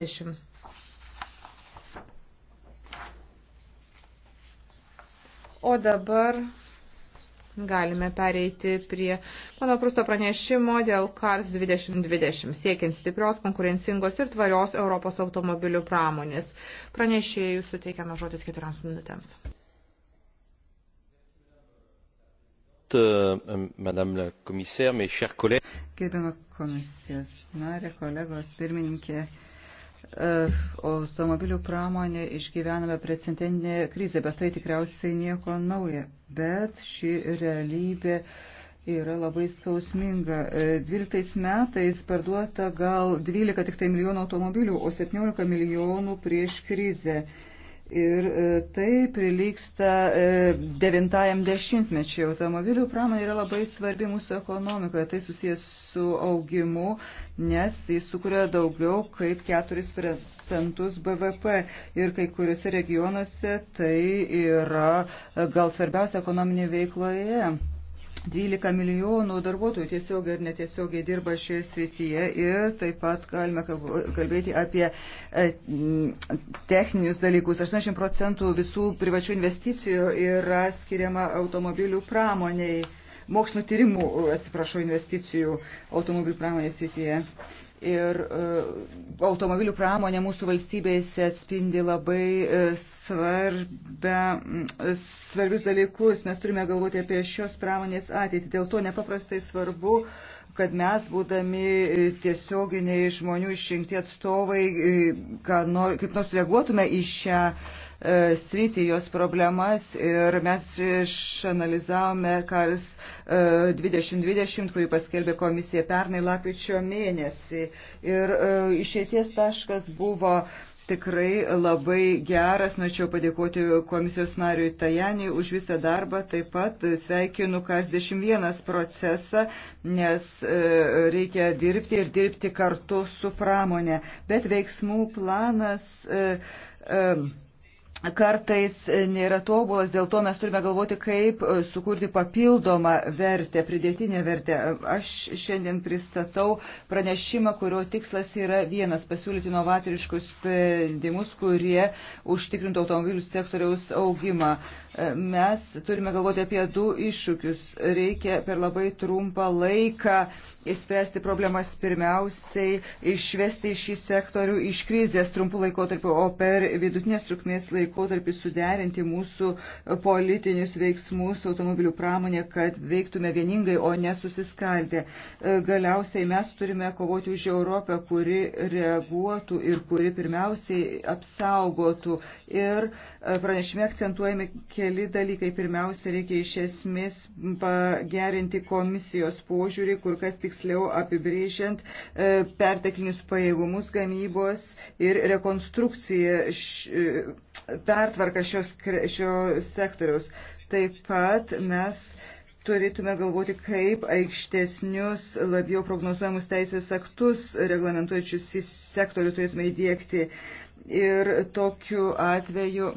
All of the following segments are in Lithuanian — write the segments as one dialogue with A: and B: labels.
A: 20. O dabar galime pereiti prie mano prusto pranešimo dėl Kars 2020, siekiant stiprios, konkurencingos ir tvarios Europos automobilių pramonės. Pranešėjų suteikiame žodis keturioms minutėms.
B: Madame la commissaire, mes chers collègues.
A: Gerbiama komisijos narė, kolegos, pirmininkė. Eh, automobilių pramonė išgyvename precedentinę krizę, bet tai tikriausiai nieko nauja. Bet ši realybė yra labai skausminga. 12 eh, metais parduota gal 12 tik tai milijonų automobilių, o 17 milijonų prieš krizę. Ir e, tai prilyksta e, devintajam dešimtmečiai. Automobilių pramonė yra labai svarbi mūsų ekonomikoje. Tai susijęs su augimu, nes jis sukuria daugiau kaip 4 procentus BVP. Ir kai kuriuose regionuose tai yra e, gal svarbiausia ekonominė veikloje 12 milijonų darbuotojų tiesiogiai ir netiesiogiai dirba šioje srityje ir taip pat galime kalbėti apie e, techninius dalykus. 80 procentų visų privačių investicijų yra skiriama automobilių pramoniai, mokslo tyrimų, atsiprašau, investicijų automobilių pramonės srityje ir e, automobilių pramonė mūsų valstybėse atspindi labai e, svarbę, e, svarbius dalykus. Mes turime galvoti apie šios pramonės ateitį. Dėl to nepaprastai svarbu, kad mes, būdami tiesioginiai žmonių išrinkti atstovai, kaip nors reaguotume į šią E, sritį, jos problemas ir mes išanalizavome Kars 2020, e, kurį paskelbė komisija pernai lapkričio mėnesį. Ir e, išėties taškas buvo tikrai labai geras. Norėčiau padėkoti komisijos nariui Tajaniui už visą darbą. Taip pat sveikinu KAS 11 procesą, nes reikia dirbti ir dirbti kartu su pramonė. Bet veiksmų planas. E, e, kartais nėra tobulas, dėl to mes turime galvoti, kaip e, sukurti papildomą vertę, pridėtinę vertę. Aš šiandien pristatau pranešimą, kurio tikslas yra vienas - pasiūlyti novatoriškus sprendimus, kurie užtikrintų automobilių sektoriaus augimą. Mes turime galvoti apie du iššūkius. Reikia per labai trumpą laiką išspręsti problemas pirmiausiai, išvesti šį sektorių iš krizės trumpų laikotarpių, o per vidutinės trukmės laikotarpį suderinti mūsų politinius veiksmus automobilių pramonė, kad veiktume vieningai, o nesusiskaldę. Galiausiai mes turime kovoti už Europą, kuri reaguotų ir kuri pirmiausiai apsaugotų. Ir pranešime akcentuojami keli keli dalykai. Pirmiausia, reikia iš esmės pagerinti komisijos požiūrį, kur kas tiksliau apibrėžiant e, perteklinius pajėgumus gamybos ir rekonstrukciją, š, e, pertvarką šios, šio sektoriaus. Taip pat mes turėtume galvoti, kaip aikštesnius, labiau prognozuojamus teisės aktus reglamentuojančius sektorių turėtume įdėkti. Ir tokiu atveju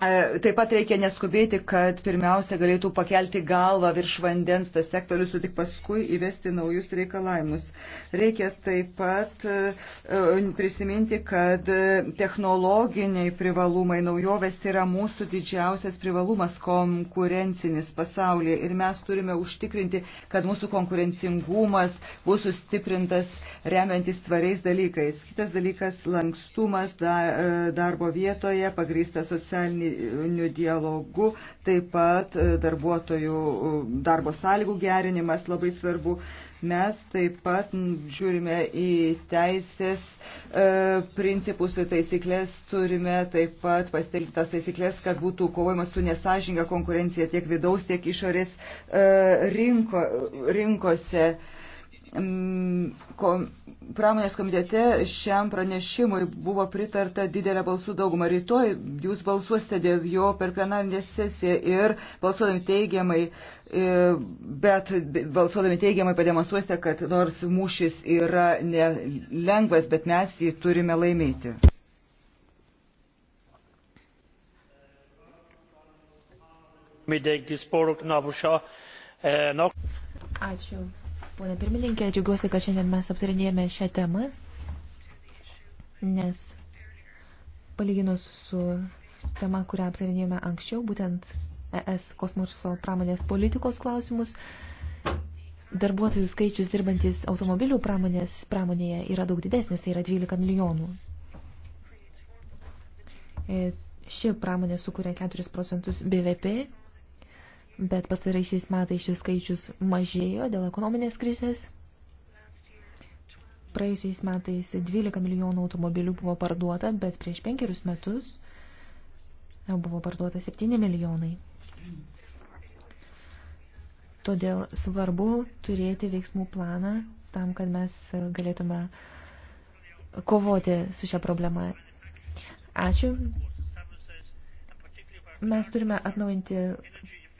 A: E, taip pat reikia neskubėti, kad pirmiausia galėtų pakelti galvą virš vandens tas sektorius, o tik paskui įvesti naujus reikalavimus. Reikia taip pat e, e, prisiminti, kad technologiniai privalumai naujovės yra mūsų didžiausias privalumas konkurencinis pasaulyje ir mes turime užtikrinti, kad mūsų konkurencingumas bus sustiprintas remiantis tvariais dalykais. Kitas dalykas - lankstumas darbo vietoje, pagrįstas socialiniais socialiniu dialogu, taip pat e, darbuotojų e, darbo sąlygų gerinimas labai svarbu. Mes taip pat žiūrime į teisės e, principus ir taisyklės, turime taip pat pasitelkti tas taisyklės, kad būtų kovojama su nesažinga konkurencija tiek vidaus, tiek išorės e, rinko, rinkose. E, pramonės komitete šiam pranešimui buvo pritarta didelė balsų dauguma. Rytoj jūs balsuosite dėl jo per plenarinę sesiją ir balsuodami teigiamai, e, bet balsuodami teigiamai pademonstruosite, kad nors mūšis yra nelengvas, bet mes jį turime laimėti.
B: E, Ačiū. Pone pirmininkė, džiaugiuosi, kad šiandien mes aptarinėjame šią temą, nes palyginus su tema, kurią aptarinėjome anksčiau, būtent ES kosmoso pramonės politikos klausimus, darbuotojų skaičius dirbantis automobilių pramonės pramonėje yra daug didesnis, tai yra 12 milijonų. E, ši pramonė sukuria 4 procentus BVP bet pastaraisiais metais šis skaičius mažėjo dėl ekonominės krizės. Praėjusiais metais 12 milijonų automobilių buvo parduota, bet prieš penkerius metus buvo parduota 7 milijonai. Todėl svarbu turėti veiksmų planą tam, kad mes galėtume kovoti su šią problemą. Ačiū. Mes turime atnaujinti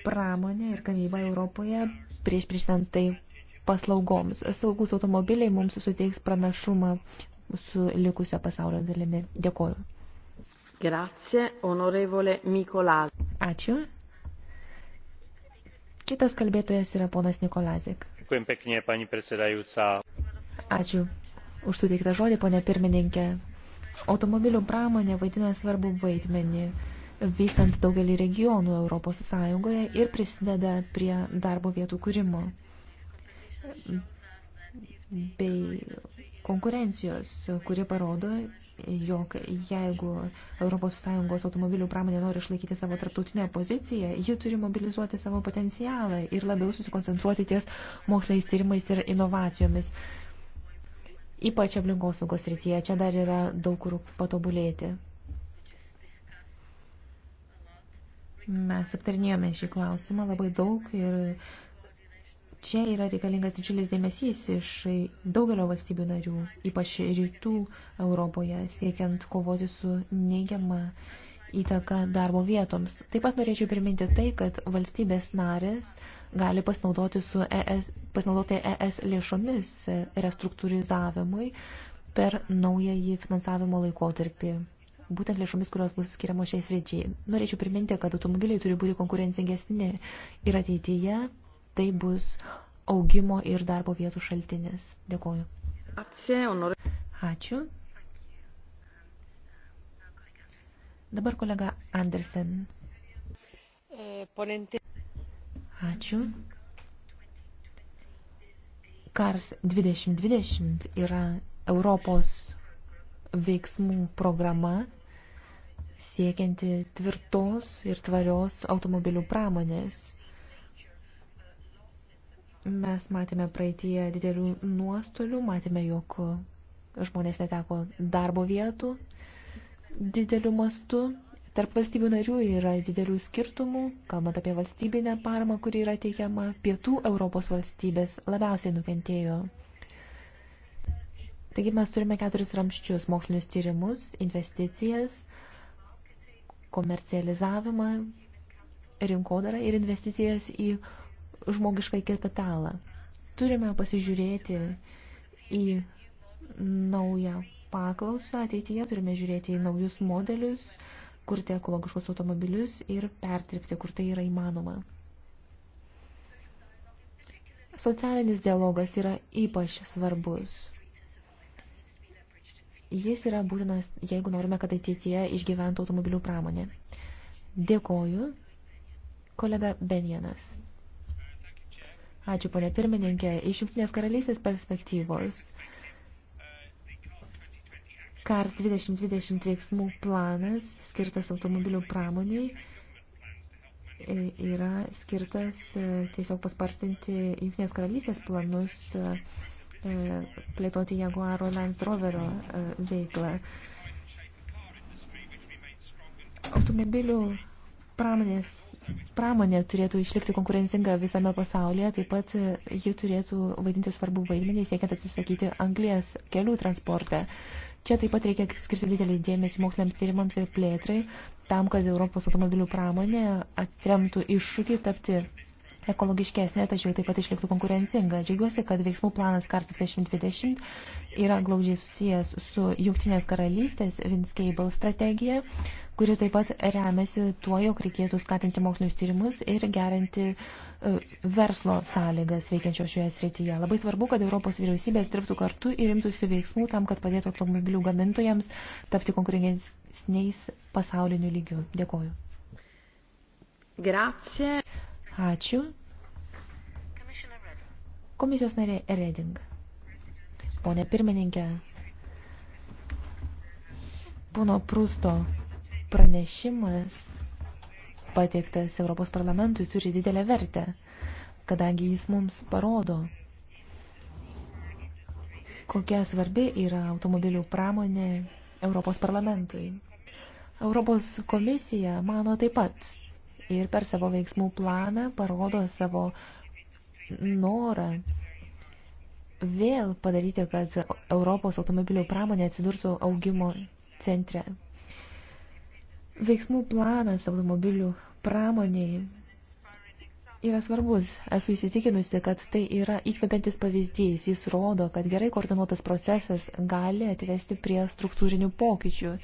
B: pramonė ir gamyba Europoje prieš prieštant tai paslaugoms. Saugus automobiliai mums suteiks pranašumą su likusio pasaulio dalimi. Dėkoju. Grazie, onorevole Mikolas. Ačiū. Kitas kalbėtojas yra ponas Nikolazik. Dėkuojam pekne,
A: pani predsedajúca.
B: Ačiū už suteiktą žodį, ponė pirmininkė. Automobilių pramonė vaidina svarbų vaidmenį veikiant daugelį regionų Europos Sąjungoje ir prisideda prie darbo vietų kūrimo bei konkurencijos, kuri parodo, jog jeigu ES automobilių pramonė nori išlaikyti savo tarptautinę poziciją, ji turi mobilizuoti savo potencialą ir labiau susikoncentruoti ties moksliniais tyrimais ir inovacijomis. Ypač aplinkosaugos srityje čia dar yra daug kur patobulėti. Mes aptarnėjome šį klausimą labai daug ir čia yra reikalingas didžiulis dėmesys iš daugelio valstybių narių, ypač rytų Europoje, siekiant kovoti su neigiama įtaka darbo vietoms. Taip pat norėčiau priminti tai, kad valstybės narės gali pasinaudoti, su ES, pasinaudoti ES lėšomis restruktūrizavimui per naująjį finansavimo laikotarpį būtent lėšomis, kurios bus skiriamos šiais ryčiai. Norėčiau priminti, kad automobiliai turi būti konkurencingesni ir ateityje tai bus augimo ir darbo vietų šaltinis. Dėkoju. Ačiū. Dabar kolega Andersen. Eh, Ačiū. Kars 2020 yra Europos veiksmų programa siekianti tvirtos ir tvarios automobilių pramonės. Mes matėme praeitie didelių nuostolių, matėme, jog žmonės neteko darbo vietų dideliu mastu. Tarp valstybių narių yra didelių skirtumų, kalbant apie valstybinę paramą, kuri yra teikiama, pietų Europos valstybės labiausiai nukentėjo. Taigi mes turime keturis ramščius – mokslinius tyrimus, investicijas – komercializavimą, rinkodarą ir investicijas į žmogišką kapitalą. Turime pasižiūrėti į naują paklausą, ateityje turime žiūrėti į naujus modelius, kurti ekologiškus automobilius ir perdirbti, kur tai yra įmanoma. Socialinis dialogas yra ypač svarbus Jis yra būtinas, jeigu norime, kad ateityje išgyventų automobilių pramonė. Dėkoju, kolega Benjanas. Ačiū, ponė pirmininkė. Iš jungtinės karalystės perspektyvos Kars 2020 veiksmų planas skirtas automobilių pramoniai e, yra skirtas e, tiesiog pasparstinti jungtinės karalystės planus e, plėtoti Jaguaro Land Roverio e, veiklą. Automobilių pramonės, pramonė turėtų išlikti konkurencinga visame pasaulyje, taip pat e, ji turėtų vaidinti svarbų vaidmenį, siekiant atsisakyti anglės kelių transporte. Čia taip pat reikia skirti didelį dėmesį moksliniams tyrimams ir plėtrai, tam, kad Europos automobilių pramonė atremtų iššūkį tapti ekologiškesnė, tačiau taip pat išliktų konkurencinga. Džiaugiuosi, kad veiksmų planas Kars 2020 yra glaudžiai susijęs su Jungtinės karalystės Vinskable strategija, kuri taip pat remiasi tuo, jog reikėtų skatinti mokslinius tyrimus ir gerinti e, verslo sąlygas veikiančio šioje srityje. Labai svarbu, kad Europos vyriausybės dirbtų kartu ir imtųsi veiksmų tam, kad padėtų automobilių gamintojams tapti konkurencinės pasauliniu lygiu. Dėkoju. Grazie. Ačiū. Komisijos narė Reding. Pone pirmininkė, pono Prusto pranešimas pateiktas Europos parlamentui turi didelę vertę, kadangi jis mums parodo, kokia svarbi yra automobilių pramonė Europos parlamentui. Europos komisija mano taip pat ir per savo veiksmų planą parodo savo norą vėl padaryti, kad Europos automobilių pramonė atsidurtų augimo centre. Veiksmų planas automobilių pramoniai yra svarbus. Esu įsitikinusi, kad tai yra įkvepiantis pavyzdys. Jis rodo, kad gerai koordinuotas procesas gali atvesti prie struktūrinių pokyčių.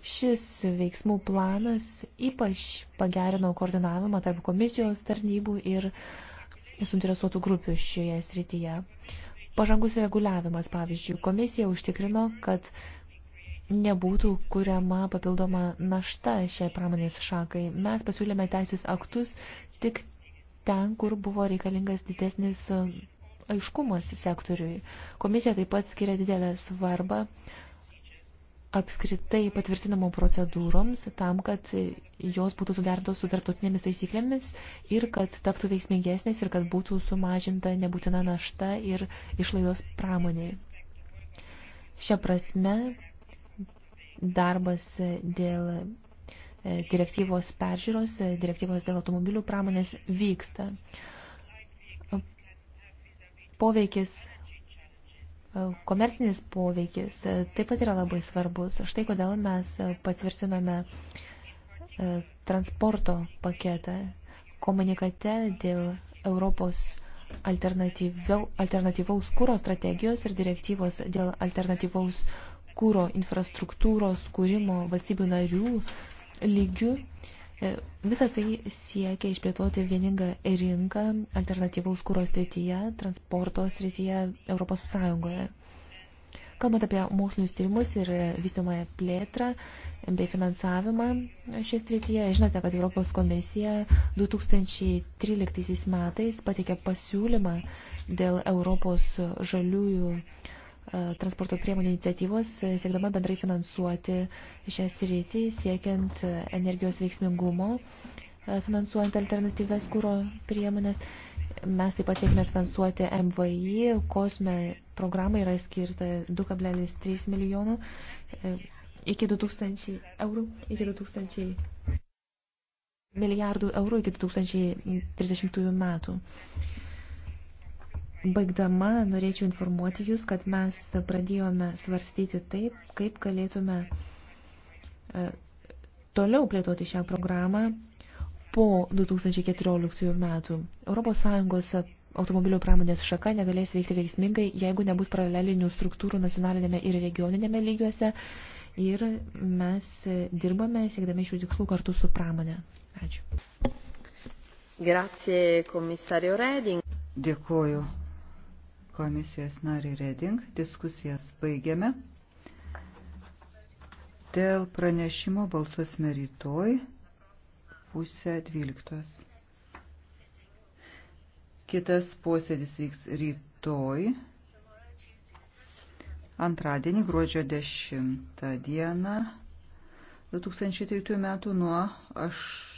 B: Šis veiksmų planas ypač pagerino koordinavimą tarp komisijos tarnybų ir uh, suinteresuotų grupių šioje srityje. Pažangus reguliavimas, pavyzdžiui, komisija užtikrino, kad nebūtų kuriama papildoma našta šiai pramonės šakai. Mes pasiūlėme teisės aktus tik ten, kur buvo reikalingas didesnis e, aiškumas sektoriui. Komisija taip pat skiria didelę svarbą apskritai patvirtinamų procedūroms tam, kad jos būtų sudertos su tarptautinėmis taisyklėmis ir kad taptų veiksmingesnės ir kad būtų sumažinta nebūtina našta ir išlaidos pramoniai. Šia prasme darbas dėl e, direktyvos peržiūros, e, direktyvos dėl automobilių pramonės vyksta. Poveikis komercinis poveikis e, taip pat yra labai svarbus. Štai kodėl mes e, patvirtinome e, transporto paketą komunikate dėl Europos alternatyvaus kūro strategijos ir direktyvos dėl alternatyvaus kūro infrastruktūros kūrimo valstybių narių lygių E, Visą tai siekia išplėtoti vieningą rinką alternatyvaus kūro srityje, transporto srityje Europos Sąjungoje. Kalbant apie mokslinius tyrimus ir vystomąją plėtrą bei finansavimą šią srityje, žinote, kad Europos komisija 2013 metais pateikė pasiūlymą dėl Europos žaliųjų transporto priemonių iniciatyvos, e, siekdama bendrai finansuoti šią sritį, siekiant e, energijos veiksmingumo, e, finansuojant alternatyves kūro priemonės. Mes taip pat siekime finansuoti MVI, kosme programai yra skirta 2,3 milijonų iki 2000 eurų, iki 2000 milijardų eurų iki 2030 metų. Baigdama norėčiau informuoti Jūs, kad mes pradėjome svarstyti taip, kaip galėtume e, toliau plėtoti šią programą po 2014 metų. ES automobilių pramonės šaka negalės veikti veiksmingai, jeigu nebus paralelinių struktūrų nacionalinėme ir regioninėme lygiuose. Ir mes dirbame siekdami šių tikslų kartu su pramonė. Ačiū. Grazie, komisario Reding. Dėkuoju
A: komisijos narį Reding. Diskusijas baigiame. Dėl pranešimo balsuosime rytoj pusę dvyliktos. Kitas posėdis vyks rytoj, antradienį gruodžio 10 dieną 2003 metų nuo 8.